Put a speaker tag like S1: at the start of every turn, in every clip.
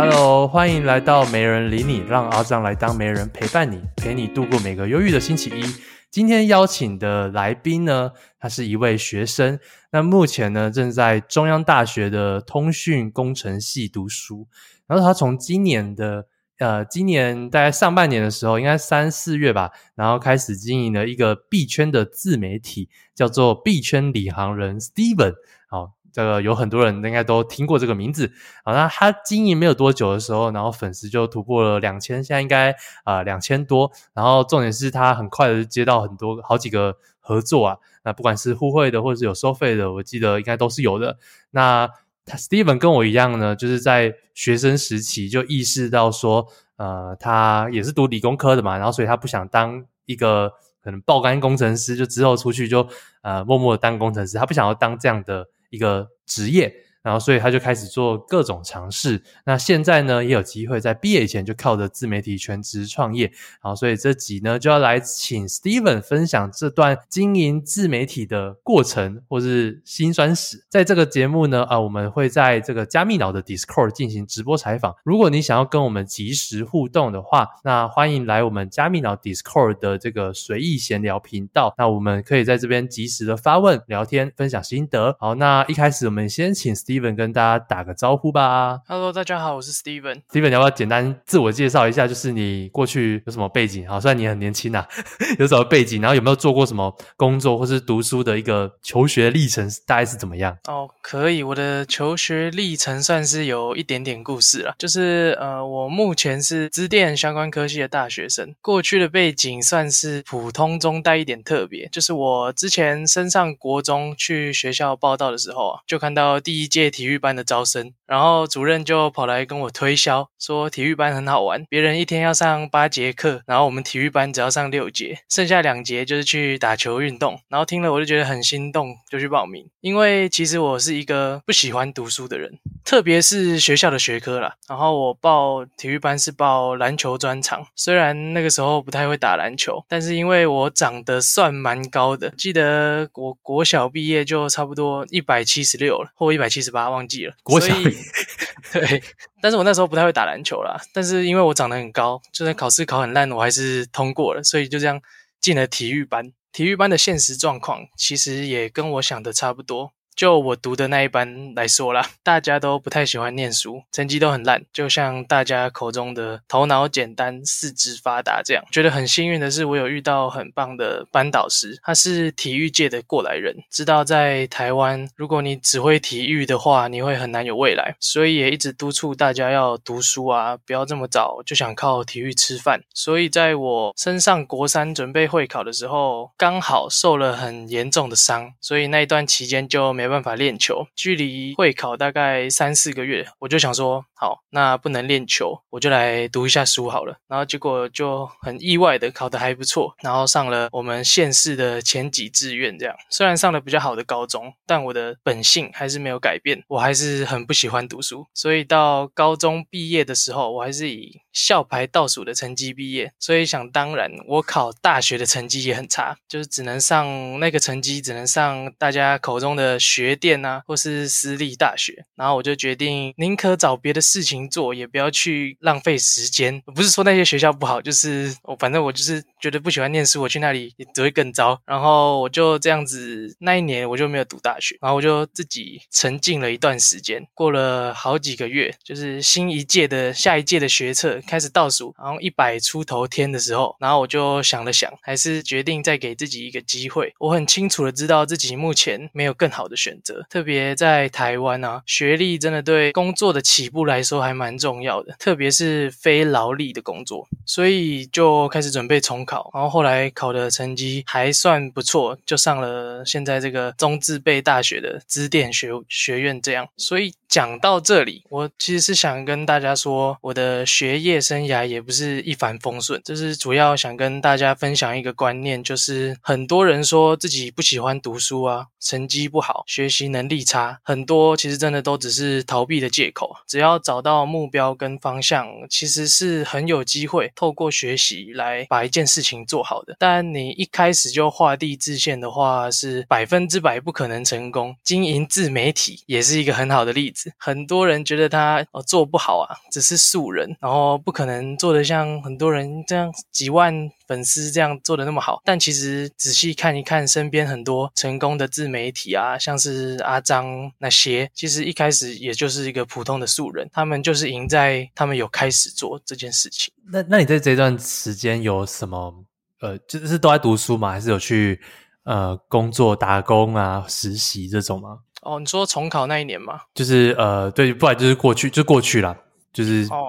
S1: Hello，歡迎來到媒人理你，讓阿璋來當媒人陪伴你，陪你度過每個憂鬱的星期一。今天邀請的來賓呢，他是一位學生，那目前呢正在中央大學的通訊工程系讀書。然後他從今年的呃，今年大概上半年的時候，應該三四月吧，然後開始經營了一個幣圈的自媒體，叫做幣圈領航人 Steven。好。呃、這個，有很多人應該都聽過這個名字。好、啊，那他經營沒有多久的時候，然後粉絲就突破了兩千，現在應該啊兩千多。然後重點是他很快的就接到很多好幾個合作啊，那不管是互惠的或者是有收費的，我記得應該都是有的。那他 Steven 跟我一樣呢，就是在學生時期就意識到說，呃，他也是讀理工科的嘛，然後所以他不想當一個可能爆肝工程師，就之後出去就呃默默的當工程師，他不想要當這樣的。一個職業。然後，所以他就開始做各種嘗試。那現在呢，也有機會在畢業以前就靠着自媒體全職創業。好，所以這集呢就要來請 Steven 分享這段經營自媒體的過程或是辛酸史。在這個節目呢，啊，我們會在這個加密腦的 Discord 進行直播採訪。如果你想要跟我們即時互動的話，那歡迎來我們加密腦 Discord 的這個隨意閒聊頻道。那我們可以在這邊即時的發問、聊天、分享心得。好，那一開始我們先請 Steven。Steven 跟大家打個招呼吧。
S2: Hello，大家好，我是 Steven。
S1: Steven，你要不要簡單自我介紹一下？就是你過去有什麼背景，好，oh, 雖然你很年輕吶、啊， 有什麼背景？然後有沒有做過什麼工作，或是讀書的一個求學歷程大概是怎麼樣？
S2: 哦、oh，可以。我的求學歷程算是有一點點故事啦。就是呃，我目前是資電相關科系的大學生。過去的背景算是普通中帶一點特別。就是我之前升上國中去學校報到的時候啊，就看到第一件，業體育班的招生，然後主任就跑來跟我推銷，說，體育班很好玩，別人一天要上八節課，然後我們體育班只要上六節，剩下兩節就是去打球運動。然後聽了我就覺得很心動，就去報名，因為其實我是一個不喜歡讀書的人。特別是學校的學科啦，然後我報體育班是報籃球專長。雖然那個時候不太會打籃球，但是因為我長得算蠻高的，記得我國小畢業就差不多一百七十六了，或一百七十八，忘記了。國
S1: 小所
S2: 以 對，但是我那時候不太會打籃球啦，但是因為我長得很高，就算考試考很爛，我還是通過了，所以就這樣進了體育班。體育班的現實狀況其實也跟我想的差不多。就我讀的那一班來說啦，大家都不太喜歡念書，成績都很爛，就像大家口中的頭腦簡單、四肢發達這樣。覺得很幸運的是，我有遇到很棒的班導師，他是體育界的過來人，知道在台灣，如果你只會體育的話，你會很難有未來，所以也一直督促大家要讀書啊，不要這麼早就想靠體育吃飯。所以在我升上國三準備會考的時候，剛好受了很嚴重的傷，所以那一段期間就沒。沒辦法練球，距離會考大概三四個月，我就想說。好，那不能練球，我就來讀一下書好了。然後結果就很意外的考得還不錯，然後上了我們縣市的前幾志願。這樣雖然上了比較好的高中，但我的本性還是沒有改變，我還是很不喜歡讀書。所以到高中畢業的時候，我還是以校排倒數的成績畢業。所以想當然，我考大學的成績也很差，就是只能上那個成績，只能上大家口中的學店啊，或是私立大學。然後我就決定，寧可找別的。事情做，也不要去浪費時間。我不是說那些學校不好，就是我、哦、反正我就是覺得不喜歡念書，我去那裡也只會更糟。然後我就這樣子，那一年我就沒有讀大學，然後我就自己沉浸了一段時間。過了好幾個月，就是新一屆的下一屆的學測開始倒數，然後一百出頭天的時候，然後我就想了想，還是決定再給自己一個機會。我很清楚的知道自己目前沒有更好的選擇，特別在台灣啊，學歷真的對工作的起步來。來說還蠻重要的，特別是非勞力的工作，所以就開始準備重考，然後後來考的成績還算不錯，就上了現在這個中字輩大學的資電學學院。這樣，所以講到這裡，我其實是想跟大家說，我的學業生涯也不是一帆風順，就是主要想跟大家分享一個觀念，就是很多人說自己不喜歡讀書啊，成績不好，學習能力差，很多其實真的都只是逃避的借口，只要。找到目標跟方向，其實是很有機會透過學習來把一件事情做好的。但你一開始就畫地自限的話，是百分之百不可能成功。經營自媒體也是一個很好的例子，很多人覺得他哦做不好啊，只是素人，然後不可能做得像很多人這樣幾萬。粉絲這樣做的那麼好，但其實仔細看一看身邊很多成功的自媒體啊，像是阿璋那些，其實一開始也就是一個普通的素人，他們就是贏在他們有開始做這件事情。
S1: 那那你在這段時間有什麼呃，就是都在讀書嗎？還是有去呃工作打工啊、實習這種嗎？
S2: 哦，你說重考那一年嗎？
S1: 就是呃，對，不然就是過去就過去了，就是哦，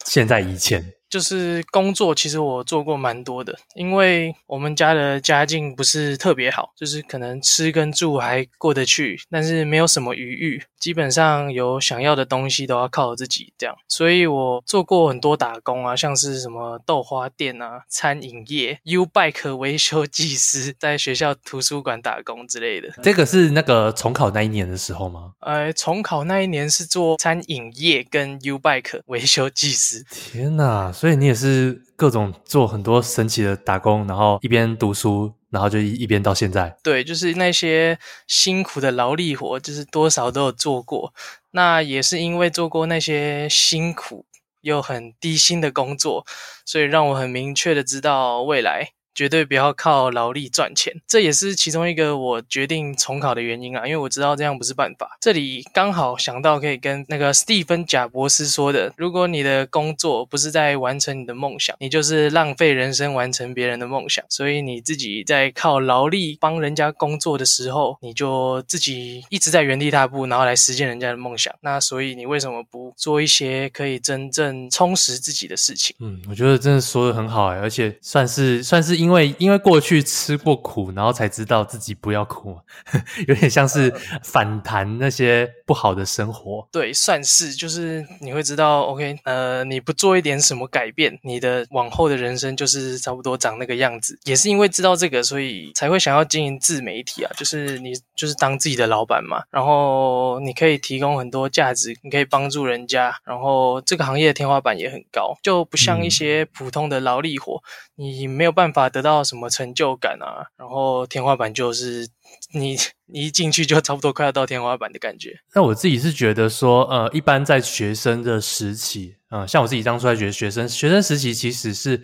S1: 就是、現在以前。哦
S2: 就是工作，其實我做過蠻多的，因為我們家的家境不是特別好，就是可能吃跟住還過得去，但是沒有什麼餘裕，基本上有想要的東西都要靠自己這樣。所以我做過很多打工啊，像是什麼豆花店啊、餐飲業、U Bike 維修技師，在學校圖書館打工之類的。
S1: 這個是那個重考那一年的時候嗎？
S2: 哎、呃，重考那一年是做餐飲業跟 U Bike 維修技師。
S1: 天哪！所所以你也是各種做很多神奇的打工，然後一邊讀書，然後就一一邊到現在。
S2: 對，就是那些辛苦的勞力活，就是多少都有做過。那也是因為做過那些辛苦又很低薪的工作，所以讓我很明確的知道未來，絕對不要靠勞力賺錢，這也是其中一個我決定重考的原因啊！因為我知道這樣不是辦法。這裡剛好想到可以跟那個史蒂芬賈伯斯說的：如果你的工作不是在完成你的夢想，你就是浪費人生完成別人的夢想。所以你自己在靠勞力幫人家工作的時候，你就自己一直在原地踏步，然後來實現人家的夢想。那所以你為什麼不做一些可以真正充實自己的事情？
S1: 嗯，我覺得真的說得很好哎、欸，而且算是算是因為因為過去吃過苦，然後才知道自己不要苦， 有點像是反彈那些不好的生活。
S2: 對，算是就是你會知道，OK，呃，你不做一點什麼改變，你的往後的人生就是差不多長那個樣子。也是因為知道這個，所以才會想要經營自媒體啊，就是你就是當自己的老板嘛，然後你可以提供很多價值，你可以幫助人家，然後這個行業的天花板也很高，就不像一些普通的勞力活，嗯、你沒有辦法。得到什麼成就感啊？然後天花板就是你，你一進去就差不多快要到天花板的感覺。
S1: 那我自己是覺得說，呃，一般在學生的時期，嗯、呃，像我自己當初還覺得，學生學生時期，其實是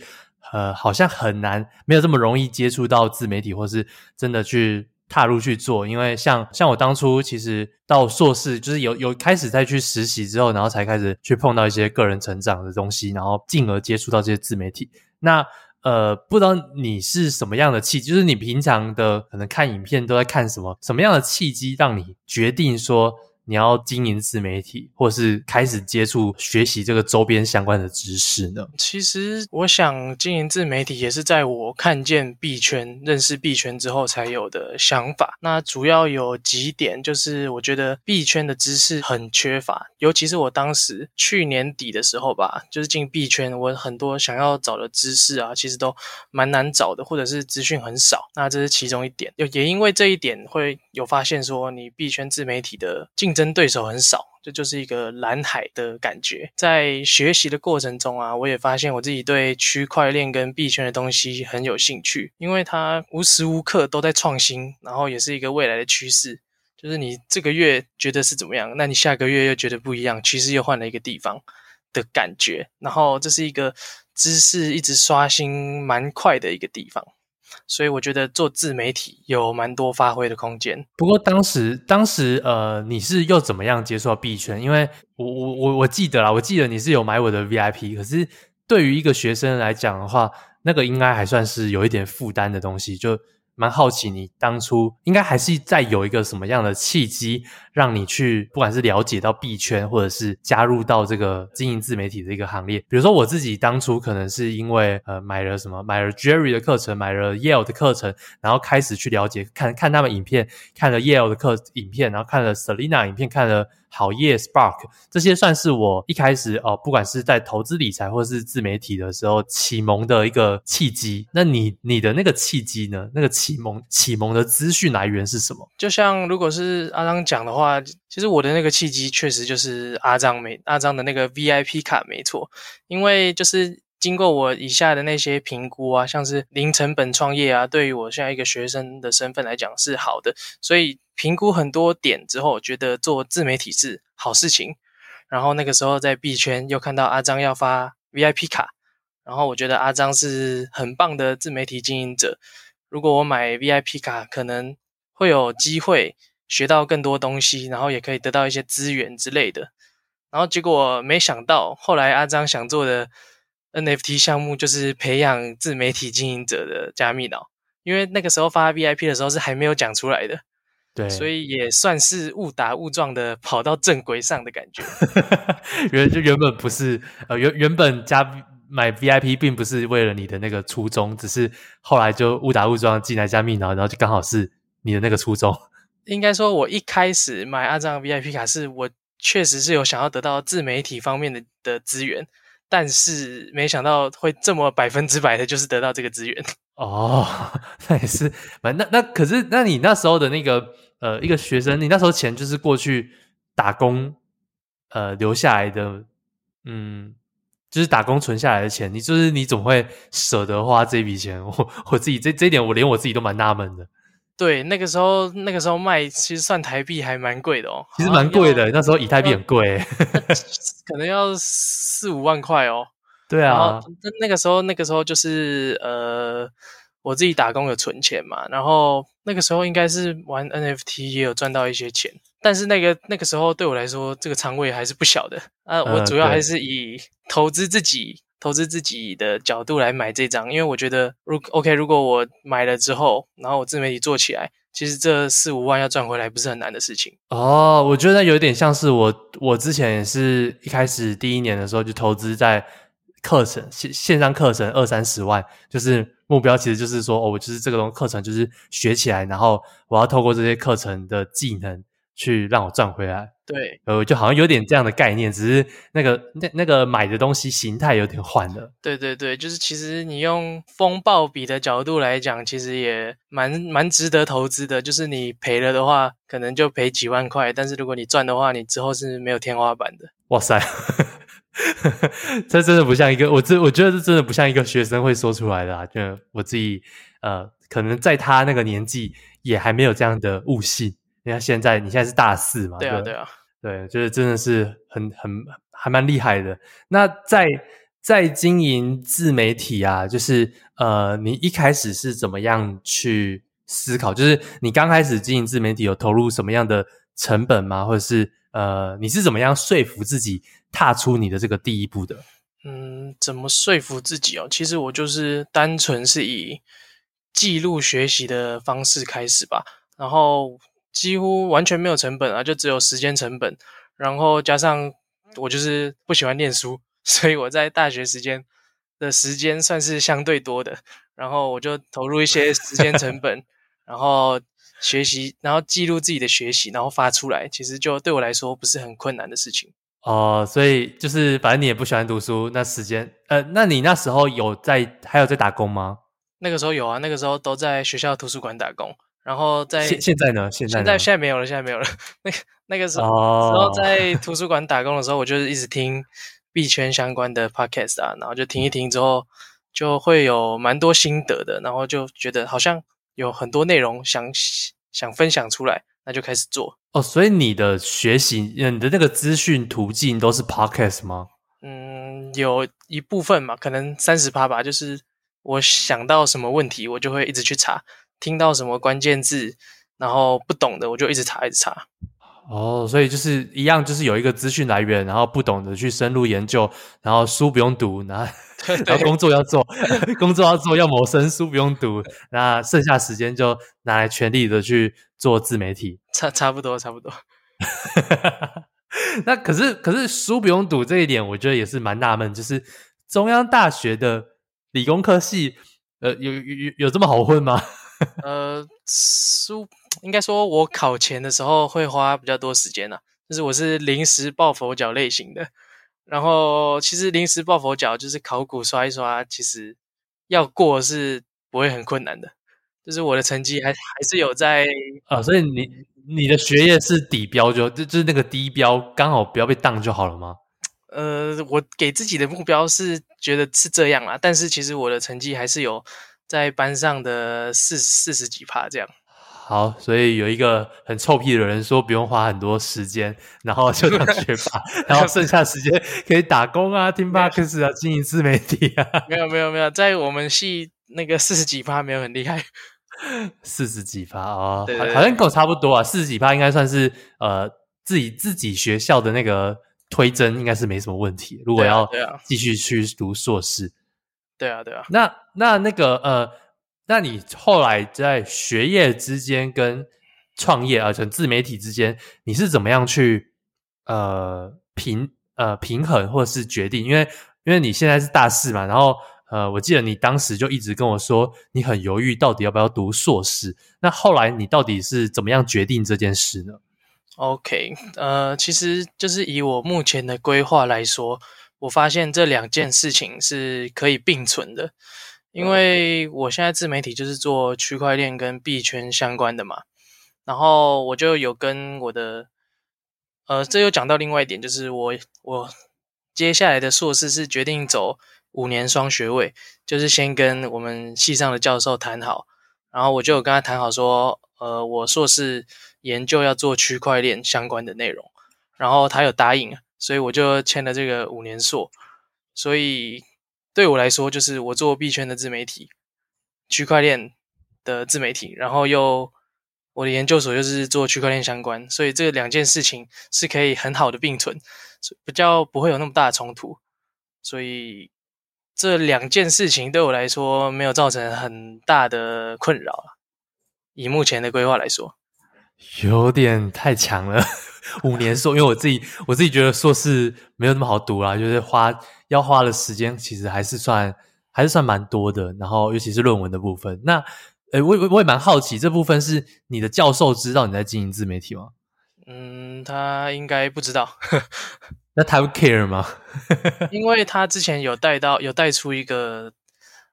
S1: 呃，好像很難，沒有這麼容易接觸到自媒體，或是真的去踏入去做。因為像像我當初其實到碩士，就是有有開始再去實習之後，然後才開始去碰到一些個人成長的東西，然後進而接觸到這些自媒體。那呃，不知道你是什麼樣的契機，就是你平常的可能看影片都在看什麼，什麼樣的契機讓你決定說。你要經營自媒體，或是開始接觸學習這個周邊相關的知識呢？
S2: 其實我想經營自媒體也是在我看見幣圈、認識幣圈之後才有的想法。那主要有幾點，就是我覺得幣圈的知識很缺乏，尤其是我當時去年底的時候吧，就是進幣圈，我很多想要找的知識啊，其實都蠻難找的，或者是資訊很少。那這是其中一點，也也因為這一點會有發現說，你幣圈自媒體的進。競爭對手很少，這就，就是一個藍海的感覺。在學習的過程中啊，我也發現我自己對區塊鏈跟幣圈的東西很有興趣，因為它無時無刻都在創新，然後也是一個未來的趨勢。就是你這個月覺得是怎麼樣，那你下個月又覺得不一樣，趨勢又換了一個地方的感覺。然後這是一個知識一直刷新蠻快的一個地方。所以我覺得做自媒體有蠻多發揮的空間。
S1: 不過當時，當時呃，你是又怎麼樣接受到幣圈？因為我我我我記得啦，我記得你是有買我的 VIP。可是對於一個學生來講的話，那個應該還算是有一點負擔的東西。就。蠻好奇，你當初應該還是在有一個什麼樣的契機，讓你去不管是了解到幣圈，或者是加入到這個經營自媒體的一個行列。比如說，我自己當初可能是因為呃買了什麼，買了 Jerry 的課程，買了 Yale 的課程，然後開始去了解，看看他們影片，看了 Yale 的課影片，然後看了 Selina 影片，看了。好業 Spark、yes, 這些算是我一開始哦、呃，不管是在投資理財或是自媒體的時候啟蒙的一個契機。那你你的那個契機呢？那個啟蒙啟蒙的資訊來源是什麼？
S2: 就像如果是阿璋講的話，其實我的那個契機確實就是阿璋沒阿璋的那個 VIP 卡沒錯，因為就是。經過我以下的那些評估啊，像是零成本創業啊，對於我現在一個學生的身份來講是好的，所以評估很多點之後，我覺得做自媒體是好事情。然後那個時候在幣圈又看到阿璋要發 VIP 卡，然後我覺得阿璋是很棒的自媒體經營者。如果我買 VIP 卡，可能會有機會學到更多東西，然後也可以得到一些資源之類的。然後結果沒想到，後來阿璋想做的。NFT 項目就是培養自媒體經營者的加密腦，因為那個時候發 VIP 的時候是還沒有講出來的，對，所以也算是誤打誤撞的跑到正軌上的感覺。
S1: 原就原本不是呃原原本加買 VIP 並不是為了你的那個初衷，只是後來就誤打誤撞進來加密腦，然後就剛好是你的那個初衷。
S2: 應該說，我一開始買阿璋 VIP 卡是，是我確實是有想要得到自媒體方面的的資源。但是沒想到會這麼百分之百的，就是得到這個資源
S1: 哦，那也是蠻那那可是那你那時候的那個呃一個學生，你那時候錢就是過去打工呃留下來的，嗯，就是打工存下來的錢，你就是你怎麼會捨得花這筆錢？我我自己這這點，我連我自己都蠻納悶的。
S2: 對，那個時候那個時候賣其實算台幣還蠻貴的哦，其實蠻貴
S1: 的，啊、那時候以太幣很貴，
S2: 可能要四五萬塊哦。
S1: 對啊，
S2: 那那個時候那個時候就是呃，我自己打工有存錢嘛，然後那個時候應該是玩 NFT 也有賺到一些錢，但是那個那個時候對我來說這個倉位還是不小的啊。我主要還是以、嗯、投資自己。投資自己的角度來買這張，因為我覺得，如 OK，如果我買了之後，然後我自媒體做起來，其實這四五萬要賺回來不是很難的事情。
S1: 哦，我覺得有點像是我，我之前也是一開始第一年的時候就投資在課程、線線上課程二三十萬，就是目標其實就是說，哦，我就是這個東課程就是學起來，然後我要透過這些課程的技能。去讓我賺回來，對，呃，就好像有點這樣的概念，只是那個那那個買的東西形態有點換了。
S2: 對對對，就是其實你用風報比的角度來講，其實也蠻蠻值得投資的。就是你賠了的話，可能就賠幾萬塊，但是如果你賺的話，你之後是沒有天花板的。
S1: 哇塞，呵呵，呵呵，這真的不像一個我這我覺得這真的不像一個學生會說出來的啊，就我自己呃，可能在他那個年紀也還沒有這樣的悟性。你看現在，你現在是大四嘛？對，對啊，對啊，對，就是真的是很很還蠻厲害的。那在在經營自媒體啊，就是呃，你一開始是怎麼樣去思考？就是你剛開始經營自媒體有投入什麼樣的成本嗎？或者是呃，你是怎麼樣說服自己踏出你的這個第一步的？嗯，
S2: 怎麼說服自己哦？其實我就是單純是以記錄學習的方式開始吧，然後。幾乎完全沒有成本啊，就只有時間成本。然後加上我就是不喜歡念書，所以我在大學時間的時間算是相對多的。然後我就投入一些時間成本， 然後學習，然後記錄自己的學習，然後發出來。其實就對我來說不是很困難的事情。
S1: 哦，所以就是反正你也不喜歡讀書，那時間，呃，那你那時候有在，還有在打工嗎？
S2: 那個時候有啊，那個時候都在學校圖書館打工。然後在現在呢？現在現在現在沒有了，現在沒有了。那個、那個時候，然、oh. 後在圖書館打工的時候，我就是一直聽幣圈相關的 podcast 啊，然後就聽一聽之後、嗯，就會有蠻多心得的，然後就覺得好像有很多內容想想分享出來，那就開始做。
S1: 哦、oh,，所以你的學習，你的那個資訊途徑都是 podcast 嗎？嗯，
S2: 有一部分嘛，可能三十趴吧。就是我想到什麼問題，我就會一直去查。聽到什麼關鍵字，然後不懂的我就一直查，一直查。
S1: 哦、oh，所以就是一樣，就是有一個資訊來源，然後不懂的去深入研究，然後書不用讀，對對然後工作要做， 工作要做，要謀生，書不用讀， 那剩下時間就拿來全力的去做自媒體，差差不多，
S2: 差不多。
S1: 那可是可是書不用讀這一點，我覺得也是蠻納悶，就是中央大學的理工科系，呃，有有有、有這麼好混嗎？
S2: 呃，書應該說，我考前的時候會花比較多時間啦、啊、就是我是臨時抱佛腳類型的，然後其實臨時抱佛腳就是考古刷一刷，其實要過是不會很困難的。就是我的成績還還是有在
S1: 啊、呃，所以你你的學業是底標就，就就就是那個低標，剛好不要被當就好了嗎？
S2: 呃，我給自己的目標是覺得是這樣啦，但是其實我的成績還是有。在班上的四十四十幾趴這樣，
S1: 好，所以有一個很臭屁的人說不用花很多時間，然後就當學霸， 然後剩下時間可以打工啊、 聽 Bugs 啊、經營自媒體啊。沒有沒有沒有，在我們系那個四十幾
S2: 趴沒有很厲害，
S1: 四十幾趴啊、哦， 好像跟我差不多啊。四十幾趴應該算是呃自己自己學校的那個推甄，應該是沒什麼問題。如果要繼續去讀碩士，對啊對啊，那。那那個呃，那你後來在學業之間跟創業，而、呃、成自媒體之間，你是怎麼樣去呃平呃平衡，或是決定？因為因為你現在是大四嘛，然後呃，我記得你當時就一直跟我說，你很猶豫到底要不要讀碩士。那後來你到底是怎麼樣決定這件事呢
S2: ？OK，呃，其實就是以我目前的規劃來說，我發現這兩件事情是可以並存的。因為我現在自媒體就是做區塊鏈跟幣圈相關的嘛，然後我就有跟我的，呃，這又講到另外一點，就是我我接下來的碩士是決定走五年雙學位，就是先跟我們系上的教授談好，然後我就有跟他談好說，呃，我碩士研究要做區塊鏈相關的內容，然後他有答應，所以我就簽了這個五年碩，所以。對我來說，就是我做幣圈的自媒體，區塊鏈的自媒體，然後又我的研究所就是做區塊鏈相關，所以這兩件事情是可以很好的並存，所以比較不會有那麼大的衝突，所以這兩件事情對我來說沒有造成很大的困擾。以目前的規劃來說，
S1: 有點太強了。五年碩，因為我自己我自己覺得碩士沒有那麼好讀啦，就是花。要花的時間其實還是算還是算蠻多的，然後尤其是論文的部分。那，誒，我我我也蠻好奇這部分是你的教授知道你在經營自媒體嗎？嗯，
S2: 他應該不知道。
S1: 那他不 care 嗎？
S2: 因為他之前有帶到有帶出一個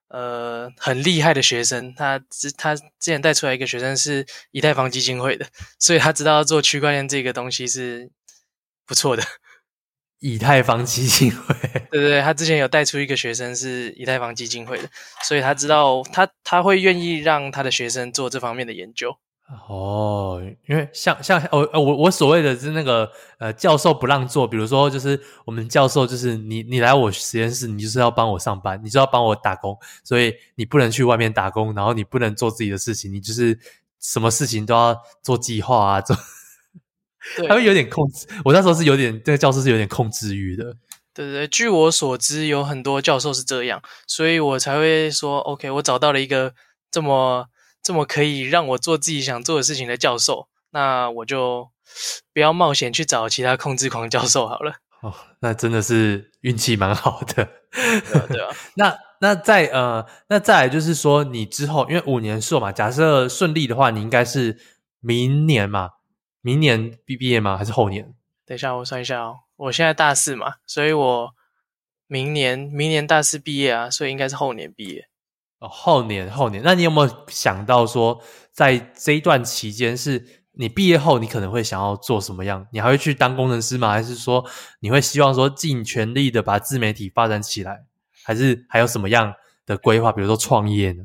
S2: 呃很厲害的學生，他之他之前帶出來一個學生是以太坊基金會的，所以他知道做區塊鏈這個東西是不錯的。
S1: 以太坊基金會
S2: 對對對，他之前有帶出一個學生是以太坊基金會的，所以他知道他，他會願意讓他的學生做這方面的研究。
S1: 哦，因為像像，哦，我我我所謂的，是那個呃教授不讓做，比如說就是我們教授就是你，你來我實驗室，你就是要幫我上班，你就要幫我打工，所以你不能去外面打工，然後你不能做自己的事情，你就是什麼事情都要做計劃啊做。對啊，還會有點控制，我那時候是有點，這個教授是有點控制欲的。
S2: 對對對，據我所知，有很多教授是這樣，所以我才會說，OK，我找到了一個這麼這麼可以讓我做自己想做的事情的教授，那我就不要冒險去找其他控制狂教授好了。
S1: 哦，那真的是運氣蠻好的。 對啊，對啊 那那再呃，那再來就是說，你之後因為五年碩嘛，假設順利的話，你應該是明年嘛。明年畢畢業嗎？還是後年？
S2: 等一下，我算一下哦。我現在大四嘛，所以我，明年，明年大四畢業啊，所以應該是後年畢業。
S1: 哦，後年，後年，那你有沒有想到說，在這一段期間，是你畢業後，你可能會想要做什麼樣？你還會去當工程師嗎？還是說你會希望說盡全力的把自媒體發展起來？還是還有什麼樣的規劃？比如說創業呢？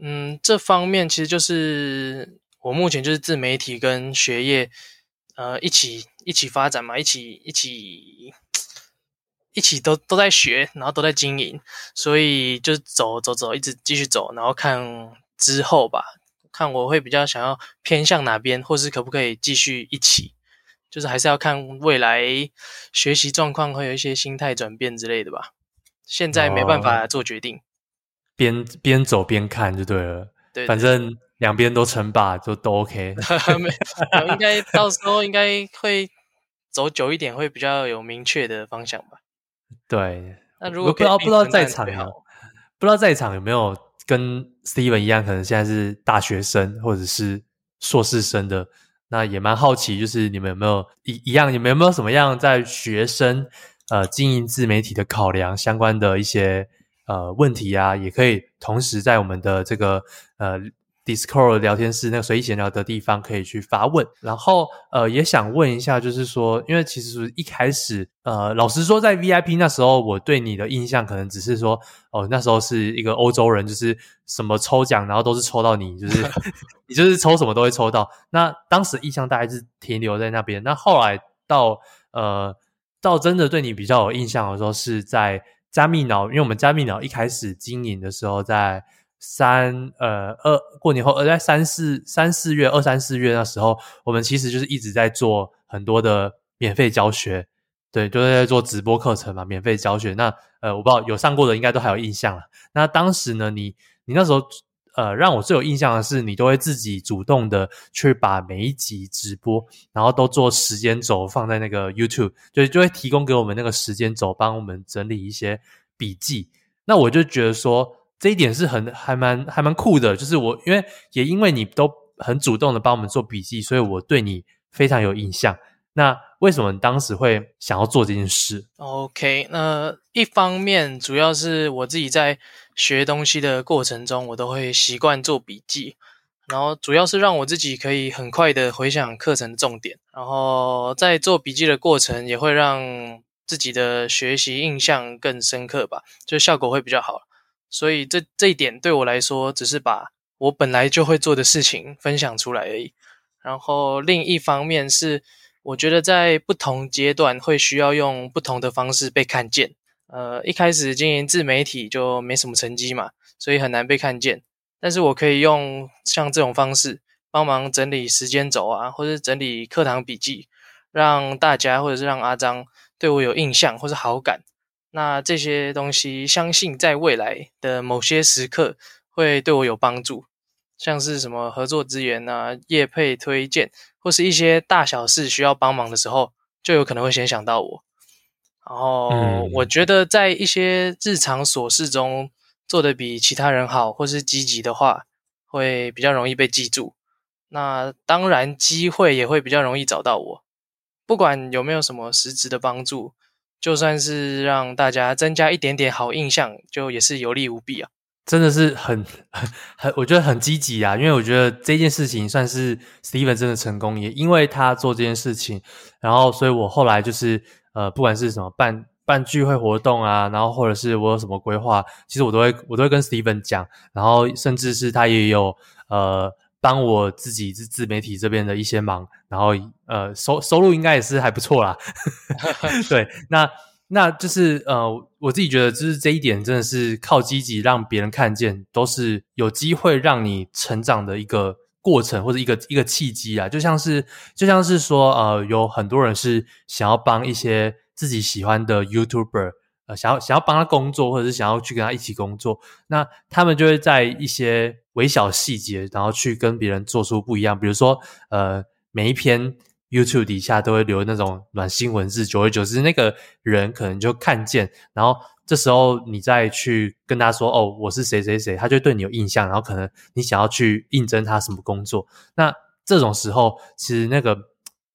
S1: 嗯，
S2: 這方面其實就是。我目前就是自媒體跟學業，呃，一起一起發展嘛，一起一起一起都都在學，然後都在經營，所以就走走走，一直繼續走，然後看之後吧，看我會比較想要偏向哪邊，或是可不可以繼續一起，就是還是要看未來學習狀況會有一些心態轉變之類的吧。現在沒辦法做決定，哦、
S1: 邊邊走邊看就對了，對，反正。兩邊都稱霸就都 OK，
S2: 應該到時候應該會走久一點，會比較有明確的方向吧。
S1: 對，那
S2: 如果不知道不知道在場的，啊，
S1: 不知道在場有沒有跟 Steven 一樣，可能現在是大學生或者是碩士生的，那也蠻好奇，就是你們有沒有一一樣，你們有沒有什麼樣在學生呃經營自媒體的考量相關的一些呃問題啊？也可以同時在我們的這個呃。Discord 聊天室那個隨意閒聊的地方可以去發問，然後呃也想問一下，就是說，因為其實一開始呃老實說，在 VIP 那時候，我對你的印象可能只是說，哦那時候是一個歐洲人，就是什麼抽獎，然後都是抽到你，就是 你就是抽什麼都會抽到。那當時印象大概是停留在那邊，那後來到呃到真的對你比較有印象的時候，是在加密腦，因為我們加密腦一開始經營的時候在。三呃，二過年後呃在三四三四月二三四月那時候，我們其實就是一直在做很多的免費教學，對，就是在做直播課程嘛，免費教學。那呃我不知道有上過的應該都還有印象，那當時呢，你你那時候呃讓我最有印象的是，你都會自己主動的去把每一集直播，然後都做時間軸放在那個 YouTube，就就會提供給我們那個時間軸，幫我們整理一些筆記。那我就覺得說。這一點是很還蠻還蠻酷的，就是我因為也因為你都很主動的幫我們做筆記，所以我對你非常有印象。那為什麼你當時會想要做這件事
S2: ？OK，那一方面主要是我自己在學東西的過程中，我都會習慣做筆記，然後主要是讓我自己可以很快的回想課程重點，然後在做筆記的過程也會讓自己的學習印象更深刻吧，就效果會比較好。所以這這一點對我來說，只是把我本來就會做的事情分享出來而已。然後另一方面是，我覺得在不同階段會需要用不同的方式被看見。呃，一開始經營自媒體就沒什麼成績嘛，所以很難被看見。但是我可以用像這種方式，幫忙整理時間軸啊，或者整理課堂筆記，讓大家或者是讓阿璋對我有印象或者好感。那這些東西，相信在未來的某些時刻會對我有幫助，像是什麼合作資源啊、業配推薦，或是一些大小事需要幫忙的時候，就有可能會先想到我。然後、嗯、我覺得，在一些日常瑣事中做得比其他人好，或是積極的話，會比較容易被記住。那當然，機會也會比較容易找到我。不管有沒有什麼實質的幫助。就算是讓大家增加一點點好印象，就也是有利無弊啊！
S1: 真的是很很，很，我覺得很積極啊！因為我覺得這件事情算是 Steven 真的成功，也因為他做這件事情，然後所以我後來就是呃，不管是什麼辦辦聚會活動啊，然後或者是我有什麼規劃，其實我都會我都會跟 Steven 講，然後甚至是他也有呃。幫我自己自自媒體這邊的一些忙，然後呃收收入應該也是還不錯啦。 對，那那就是呃我自己覺得就是這一點真的是靠積極讓別人看見，都是有機會讓你成長的一個過程或者一個一個契機啊，就像是就像是說呃有很多人是想要幫一些自己喜歡的 YouTuber。呃，想要想要幫他工作，或者是想要去跟他一起工作，那他們就會在一些微小細節，然後去跟別人做出不一樣。比如說，呃，每一篇 YouTube 底下都會留那種暖心文字，久而久之，那個人可能就看見，然後這時候你再去跟他說：“哦，我是誰誰誰誰。”他就對你有印象，然後可能你想要去應徵他什麼工作，那這種時候，其實那個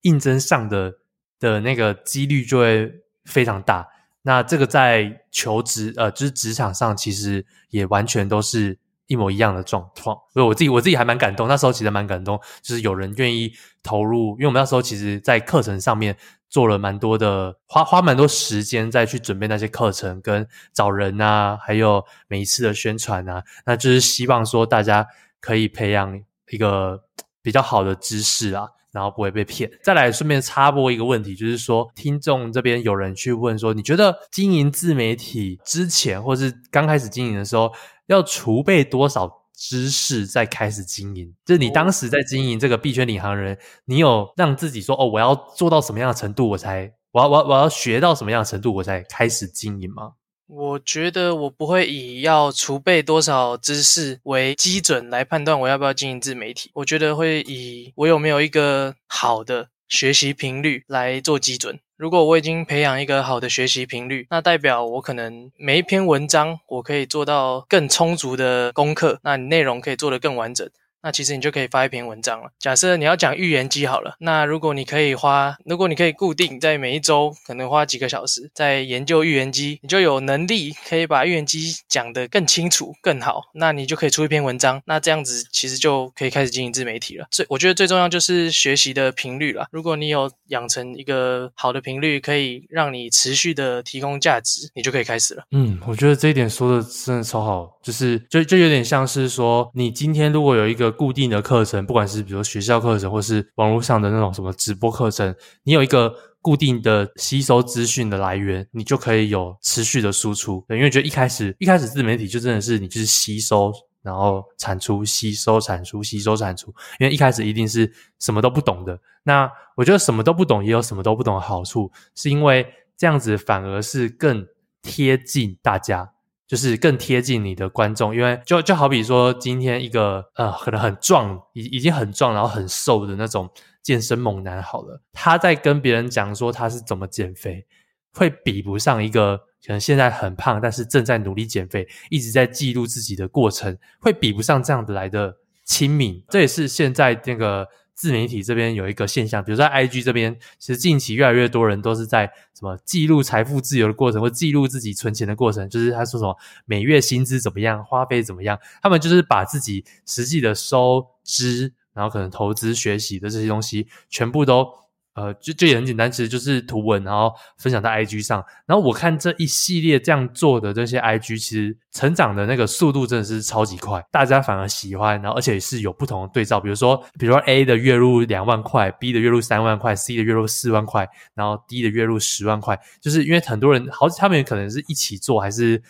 S1: 應徵上的的那個幾率就會非常大。那這個在求職，呃，就是職場上，其實也完全都是一模一樣的狀況。所以我自己我自己還蠻感動，那時候其實蠻感動，就是有人願意投入，因為我們那時候其實，在課程上面做了蠻多的，花花蠻多時間再去準備那些課程，跟找人啊，還有每一次的宣傳啊，那就是希望說大家可以培養一個比較好的知識啊。然後不會被騙。再來順便插播一個問題，就是說聽眾這邊有人去問說，你覺得經營自媒體之前，或是剛開始經營的時候，要儲備多少知識再開始經營？就是你當時在經營這個幣圈領航人，你有讓自己說哦，我要做到什麼樣的程度，我才我，我，我要我要我要學到什麼樣的程度，我才開始經營嗎？
S2: 我覺得我不會以要儲備多少知識為基準來判斷我要不要經營自媒體。我覺得會以我有沒有一個好的學習頻率來做基準。如果我已經培養一個好的學習頻率，那代表我可能每一篇文章我可以做到更充足的功課，那你內容可以做得更完整。那其實你就可以發一篇文章了。假設你要講預言機好了，那如果你可以花，如果你可以固定在每一周，可能花幾個小時在研究預言機，你就有能力可以把預言機講得更清楚、更好。那你就可以出一篇文章。那這樣子其實就可以開始經營自媒體了。最我覺得最重要就是學習的頻率了。如果你有養成一個好的頻率，可以讓你持續的提供價值，你就可以開始了。嗯，
S1: 我覺得這一點說的真的超好，就是就就有點像是說，你今天如果有一個固定的課程，不管是比如學校課程，或是網絡上的那種什麼直播課程，你有一個固定的吸收資訊的來源，你就可以有持續的輸出。對，因為覺得一開始一開始自媒體就真的是你就是吸收，然後產出，吸收，產出，吸收，產出。因為一開始一定是什麼都不懂的，那我覺得什麼都不懂也有什麼都不懂的好處，是因為這樣子反而是更貼近大家。就是更貼近你的觀眾，因為就就好比說，今天一個呃，可能很壯，已已經很壯，然後很瘦的那種健身猛男，好了，他在跟別人講說他是怎麼減肥，會比不上一個可能現在很胖，但是正在努力減肥，一直在記錄自己的過程，會比不上這樣子來的親民。這也是現在這、那個。自媒體這邊有一個現象，比如說在 IG 這邊，其實近期越來越多人都是在什麼記錄財富自由的過程，或記錄自己存錢的過程，就是他說什麼每月薪資怎麼樣，花費怎麼樣，他們就是把自己實際的收支，然後可能投資、學習的這些東西，全部都。呃，就就也很簡單，其實就是圖文，然後分享到 IG 上。然後我看這一系列這樣做的這些 IG，其實成長的那個速度真的是超級快，大家反而喜歡，然後而且是有不同的對照，比如說，比如說 A 的月入兩萬塊，B 的月入三萬塊，C 的月入四萬塊，然後 D 的月入十萬塊，就是因為很多人好，他們可能是一起做，還是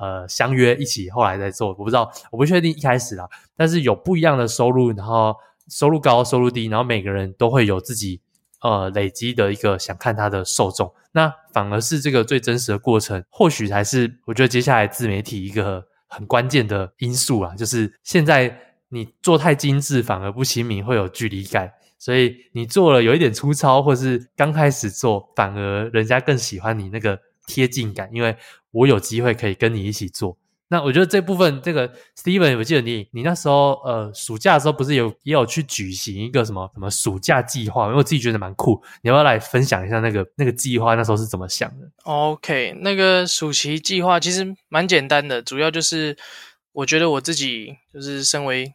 S1: 呃相約一起，後來再做，我不知道，我不確定一開始啦，但是有不一樣的收入，然後收入高，收入低，然後每個人都會有自己。呃，累積的一個想看它的受眾，那反而是這個最真實的過程，或許才是我覺得接下來自媒體一個很關鍵的因素啊。就是現在你做太精致，反而不親民，會有距離感。所以你做了有一點粗糙，或是剛開始做，反而人家更喜歡你那個貼近感，因為我有機會可以跟你一起做。那我覺得這部分，這個 Steven，我記得你，你那時候呃，暑假的時候不是也有也有去舉行一個什麼什麼暑假計劃，因為我自己覺得蠻酷，你要不要來分享一下那個那個計劃那時候是怎麼想的
S2: ？OK，那個暑期計劃其實蠻簡單的，主要就是我覺得我自己就是身為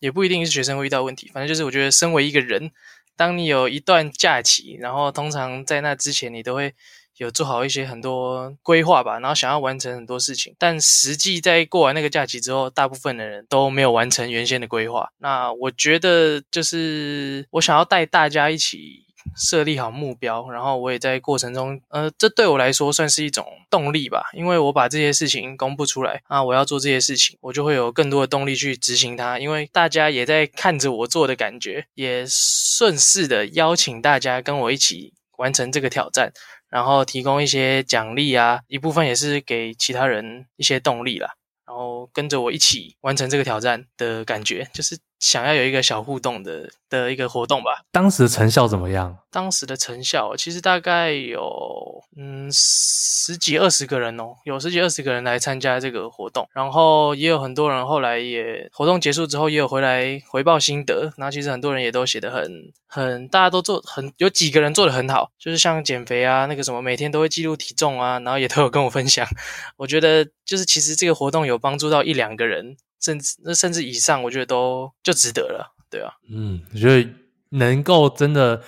S2: 也不一定是學生會遇到問題，反正就是我覺得身為一個人，當你有一段假期，然後通常在那之前你都會。有做好一些很多規劃吧，然後想要完成很多事情，但實際在過完那個假期之後，大部分的人都沒有完成原先的規劃。那我覺得，就是我想要帶大家一起設立好目標，然後我也在過程中，呃，這對我來說算是一種動力吧，因為我把這些事情公布出來，啊，我要做這些事情，我就會有更多的動力去執行它，因為大家也在看着我做的感覺，也順勢的邀請大家跟我一起完成這個挑戰。然後提供一些獎勵啊，一部分也是給其他人一些動力啦，然後跟着我一起完成這個挑戰的感覺，就是。想要有一個小互動的的一個活動吧。當
S1: 時成效怎麼樣？
S2: 當時的成效其實大概有嗯十幾二十個人哦，有十幾二十個人來參加這個活動，然後也有很多人後來也活動結束之後也有回來回報心得。然後其實很多人也都寫得很很，大家都做很有幾個人做得很好，就是像減肥啊那個什麼每天都會記錄體重啊，然後也都有跟我分享。 我覺得就是其實這個活動有幫助到一兩個人。甚至那甚至以上，我覺得都就值得了，
S1: 對啊。嗯，我覺得能夠真的，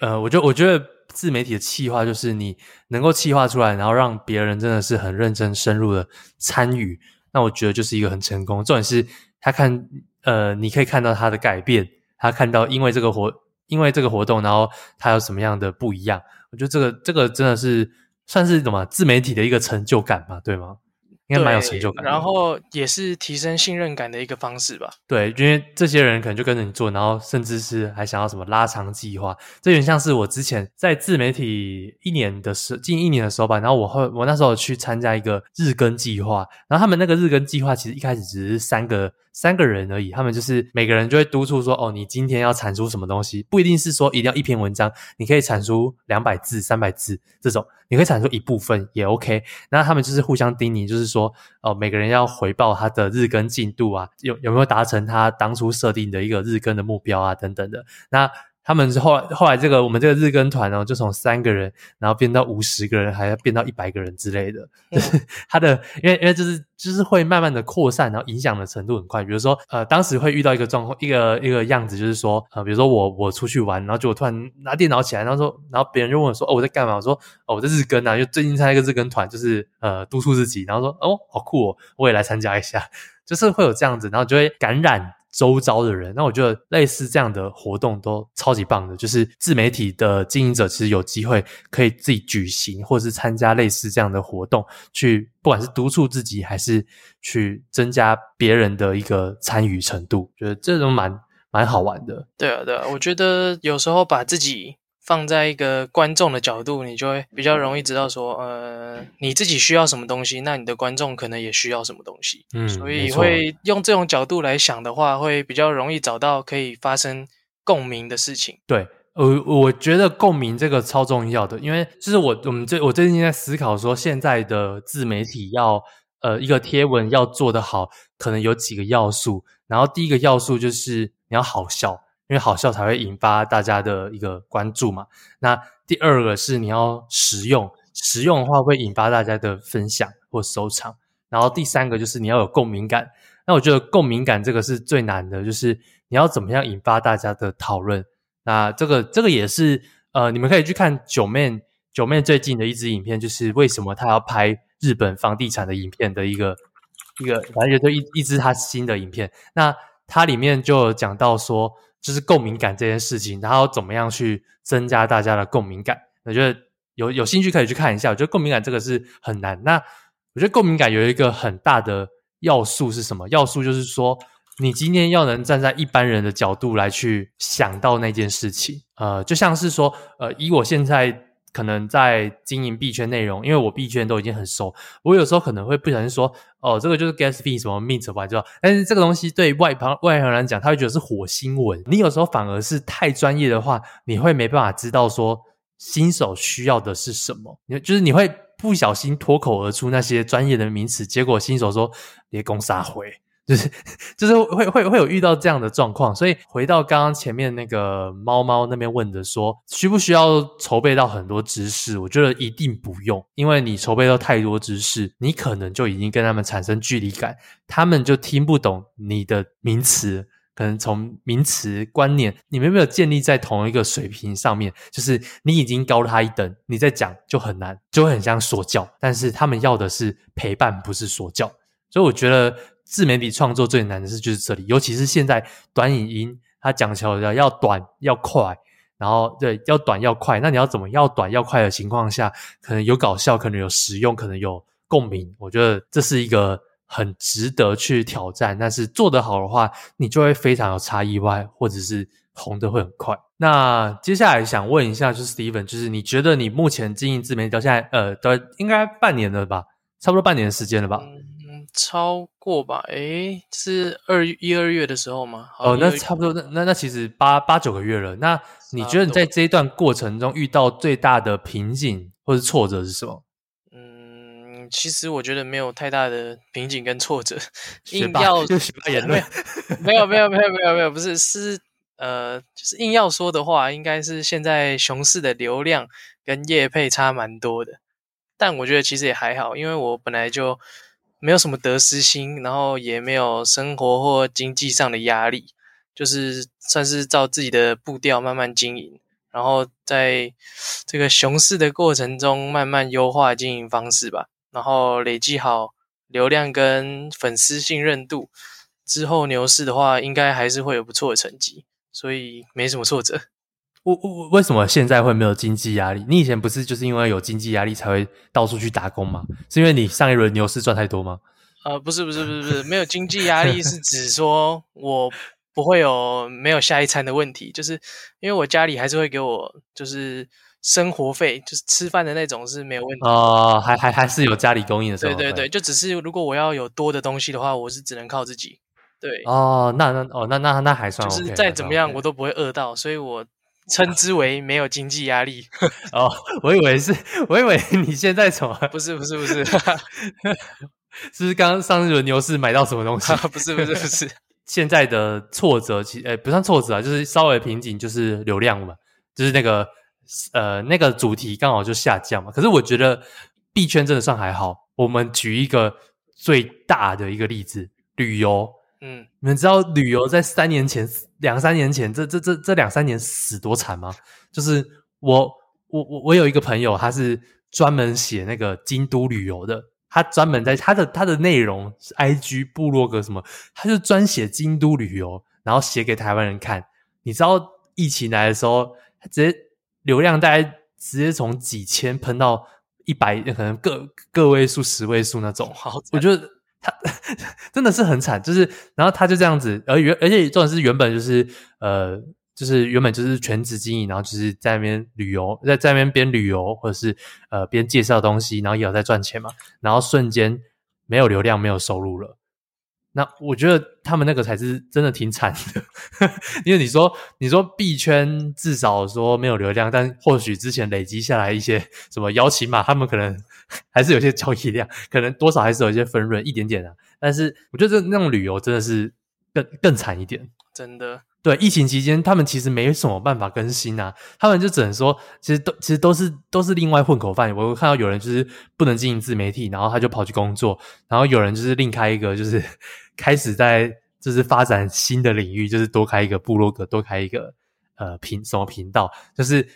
S1: 呃，我覺得我覺得自媒體的企劃就是你能夠企劃出來，然後讓別人真的是很認真深入的參與，那我覺得就是一個很成功。重點是他看，呃，你可以看到他的改變，他看到因為這個活，因為這個活動，然後他有什麼樣的不一樣，我覺得這個這個真的是算是什麼自媒體的一個成就感吧，對嗎？應該蠻有成就感，然
S2: 後也是提升信任感的一個方式吧。
S1: 對，因為這些人可能就跟着你做，然後甚至是還想要什麼拉長計劃。這有點像是我之前在自媒體一年的時，近一年的時候吧。然後我後我那時候去參加一個日更計劃，然後他們那個日更計劃其實一開始只是三個。三個人而已，他們就是每個人就會督促說，哦，你今天要產出什麼東西？不一定是說一定要一篇文章，你可以產出兩百字、三百字這種，你可以產出一部分也 OK。那他們就是互相叮嚀，就是說，哦，每個人要回報他的日更進度啊，有有沒有達成他當初設定的一個日更的目標啊，等等的。那他們是後來後來這個我們這個日更團哦、喔，就從三個人，然後變到五十個人，還要變到一百個人之類的。欸就是、他的，因為因為就是就是會慢慢的擴散，然後影響的程度很快。比如說，呃，當時會遇到一個狀況，一個一個樣子，就是說，呃，比如說我我出去玩，然後就突然拿電腦起來，然後說，然後別人就問我說，哦，我在幹嘛？我說，哦，我在日更啊，就最近參加一個日更團，就是呃，督促自己。然後說，哦，好酷哦、喔，我也來參加一下，就是會有這樣子，然後就會感染。周遭的人，那我覺得類似這樣的活動都超級棒的，就是自媒體的經營者其實有機會可以自己舉行，或是參加類似這樣的活動，去不管是督促自己，還是去增加別人的一個參與程度，覺得這種蠻蠻好玩的。
S2: 對啊，對啊，我覺得有時候把自己，放在一個觀眾的角度，你就會比較容易知道說，呃，你自己需要什麼東西，那你的觀眾可能也需要什麼東西。
S1: 嗯，所以會
S2: 用這種角度來想的話，嗯、會比較容易找到可以發生共鳴的事情。
S1: 對，我我覺得共鳴這個超重要的，因為就是我我們最我最近在思考說，現在的自媒體要呃一個貼文要做得好，可能有幾個要素。然後第一個要素就是你要好笑。因為好笑才會引發大家的一個關注嘛。那第二個是你要實用，實用的話會引發大家的分享或收藏。然後第三個就是你要有共鳴感。那我覺得共鳴感這個是最難的，就是你要怎麼樣引發大家的討論。那這個這個也是呃，你們可以去看九妹九妹最近的一支影片，就是為什麼他要拍日本房地產的影片的一個一個，反正就一一支他新的影片。那它裡面就講到說。就是共鳴感這件事情，然後怎麼樣去增加大家的共鳴感？我覺得有有興趣可以去看一下。我覺得共鳴感這個是很難。那我覺得共鳴感有一個很大的要素是什麼？要素就是說，你今天要能站在一般人的角度來去想到那件事情。呃，就像是說，呃，以我現在。可能在經營幣圈內容，因為我幣圈都已經很熟，我有時候可能會不小心說，哦，這個就是 Gas fee 什麼 Mint，不知道，但是這個東西對外旁外行人來講，他會覺得是火星文。你有時候反而是太專業的話，你會沒辦法知道說新手需要的是什麼，你就是你會不小心脫口而出那些專業的名詞，結果新手說“你講啥貨”。就是就是會會會有遇到這樣的狀況，所以回到剛剛前面那個貓貓那邊問的說，需不需要籌備到很多知識？我覺得一定不用，因為你籌備到太多知識，你可能就已經跟他們產生距離感，他們就聽不懂你的名詞，可能從名詞觀念，你們沒有建立在同一個水平上面，就是你已經高他一等，你再講就很難，就很像說教。但是他們要的是陪伴，不是說教，所以我覺得。自媒體創作最難的事就是這裡，尤其是現在短影音，它講求的要短要快，然後對，要短要快。那你要怎麼要短要快的情況下，可能有搞笑，可能有實用，可能有共鳴。我覺得這是一個很值得去挑戰，但是做得好的話，你就會非常有差異化，或者是紅的會很快。那接下來想問一下，就是 Steven，就是你覺得你目前經營自媒體到現在，呃，到應該半年了吧，差不多半年的時間了吧？嗯
S2: 超過吧，誒是二一二月的時候嗎？哦，那差
S1: 不多，那那那其實八八九個月了。那你覺得你在這一段過程中遇到最大的瓶頸或是挫折是什麼？嗯，
S2: 其實我覺得沒有太大的瓶頸跟挫折， 硬要、哎、沒有 沒有沒有沒有沒有沒有，不是是呃，就是硬要說的話，應該是現在熊市的流量跟業配差蠻多的，但我覺得其實也還好，因為我本來就。沒有什麼得失心，然後也沒有生活或經濟上的壓力，就是算是照自己的步調慢慢經營，然後在這個熊市的過程中慢慢優化經營方式吧，然後累積好流量跟粉絲信任度之後，牛市的話應該還是會有不錯的成績，所以沒什麼挫折。
S1: 為為什麼現在會沒有經濟壓力？你以前不是就是因為有經濟壓力才會到處去打工嗎？是因為你上一輪牛市賺太多嗎？啊、呃，不是不是不是不是， 沒有經
S2: 濟壓力是指說我不會有沒有下一餐的問題，就是因為我家裡還是會給我就是生活費，就是吃飯的那種是沒有問
S1: 題哦，還還還是有家裡供應的時候，對對對，對，對，
S2: 就只是如果我要有多的東西的話，我是只能靠自己。對
S1: 哦，那哦那哦那那那還算、OK，就是再怎麼樣
S2: 我都不會餓到，所以我。稱之為沒有經濟壓力
S1: 哦，我以為是，我以為你現在什麼？ 不是不是不是， 是不是剛上一輪牛市買到什麼東西？不是不是不是，現在的挫折其實、欸、不算挫折啊，就是稍微瓶頸，就是流量嘛，就是那個呃那個主題剛好就下降嘛。可是我覺得幣圈真的算還好。我們舉一個最大的一個例子，旅遊。嗯，你們知道旅遊在三年前、兩三年前這這這這兩三年死多慘嗎？就是我我我我有一個朋友，他是專門寫那個京都旅遊的，他專門在他的他的內容是 IG 部落格、什麼，他就專寫京都旅遊，然後寫給臺灣人看。你知道疫情來的時候，他直接流量大概直接從幾千噴到一百，可能個個位數十位數那種。好，我覺得。他真的是很慘，就是，然後他就這樣子，而原，而且重點是原本就是，呃，就是原本就是全職經營，然後就是在那邊旅遊，在在那邊邊旅遊，或者是呃邊介紹東西，然後也有在賺錢嘛，然後瞬間沒有流量，沒有收入了。那我覺得他們那個才是真的挺慘的， 因為你說你說幣圈至少說沒有流量，但或許之前累積下來一些什麼邀請碼，他們可能還是有些交易量，可能多少還是有一些分潤，一點點啊。但是我覺得這那種旅遊真的是更更慘一點，真的。對，疫情期間他們其實沒什麼辦法更新啊，他們就只能說其實都其實都是都是另外混口飯。我看到有人就是不能經營自媒體，然後他就跑去工作，然後有人就是另開一個就是。開始在就是發展新的領域，就是多開一個部落格，多開一個呃頻什麼頻道，就是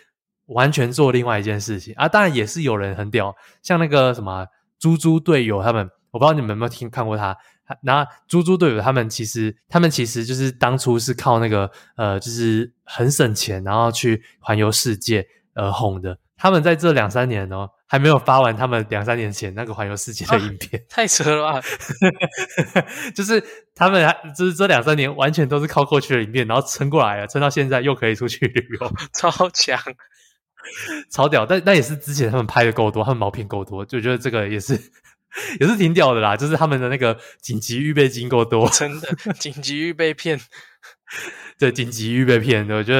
S1: 完全做另外一件事情啊。當然也是有人很屌，像那個什麼豬豬隊友他們，我不知道你們有沒有聽看過他。然後豬豬隊友他們其實他們其實就是當初是靠那個呃，就是很省錢，然後去環遊世界而紅的。他們在這兩三年呢。哦。還沒有發完他們兩三年前那個環遊世界的影片，啊、太扯了、啊！ 就是他們還就是這兩三年完全都是靠過去的影片，然後撐過來了，撐到現在又可以出去旅遊，超強，超屌！但但也是之前他們拍的夠多，他們毛片夠多，就覺得這個也是也是挺屌的啦。就是他們的那個緊急預備金夠多，真的緊急預備, 備片，對緊急預備片，對，我覺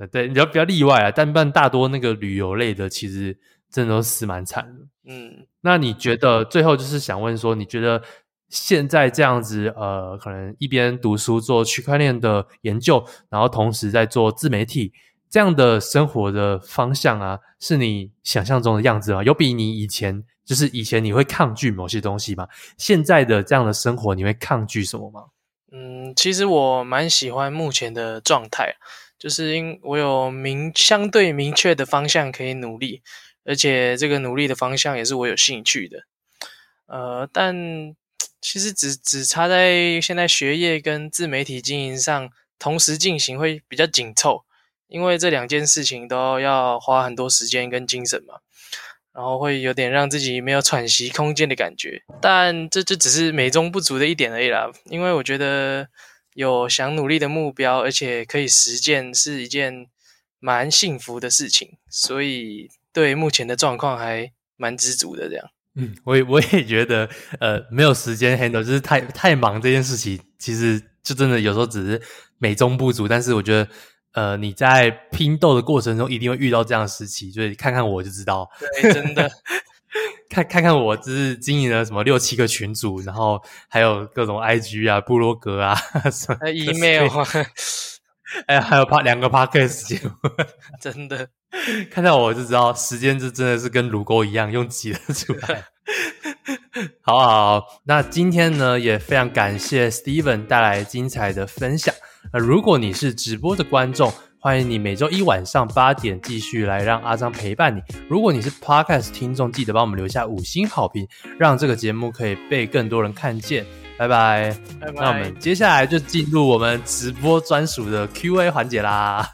S1: 得對，比較比較例外啊，但但大多那個旅遊類的其實。真的都死蠻慘的，嗯，那你覺得最後就是想問說，你覺得現在這樣子，呃，可能一邊讀書做區塊鏈的研究，然後同時在做自媒體這樣的生活的方向啊，是你想象中的樣子嗎？有比你以前就是以前你會抗拒某些東西嗎？現在的這樣的生活，你會抗拒什麼嗎？嗯，
S2: 其實我蠻喜歡目前的狀態，就是因為我有明相對明確的方向可以努力，而且這個努力的方向也是我有興趣的，呃，但其實只只差在現在學業跟自媒體經營上同時進行會比較緊湊，因為這兩件事情都要花很多時間跟精神嘛，然後會有點讓自己沒有喘息空間的感覺。但這就只是美中不足的一點而已啦，因為我覺得有想努力的目標，而且可以實踐是一件蠻幸福的事情，所以，對目前的狀況還蠻知足的，這樣。
S1: 嗯，我也我也覺得，呃，沒有時間 handle 就是太太忙這件事情，其實就真的有時候只是美中不足。但是我覺得，呃，你在拼鬥的過程中一定會遇到這樣的時期，所以看看我就知道，對，真的。 看看看我，只是經營了什麼六七個群組，然後還有各種 IG 啊、部落格啊什麼 email，哎，還有帕兩、啊、 個 podcast 節目， 真的。 看到我就知道，時間真的是跟乳溝一樣，用擠的出來。 好，好，好好，那今天呢也非常感謝 Steven 帶來精彩的分享。那、呃、如果你是直播的觀眾，歡迎你每周一晚上八點繼續來讓阿璋陪伴你。如果你是 Podcast 聽眾，記得幫我們留下五星好評，讓這個節目可以被更多人看見。拜拜，拜拜。那我們接下來就進入我們直播專屬的 Q&A 環節啦。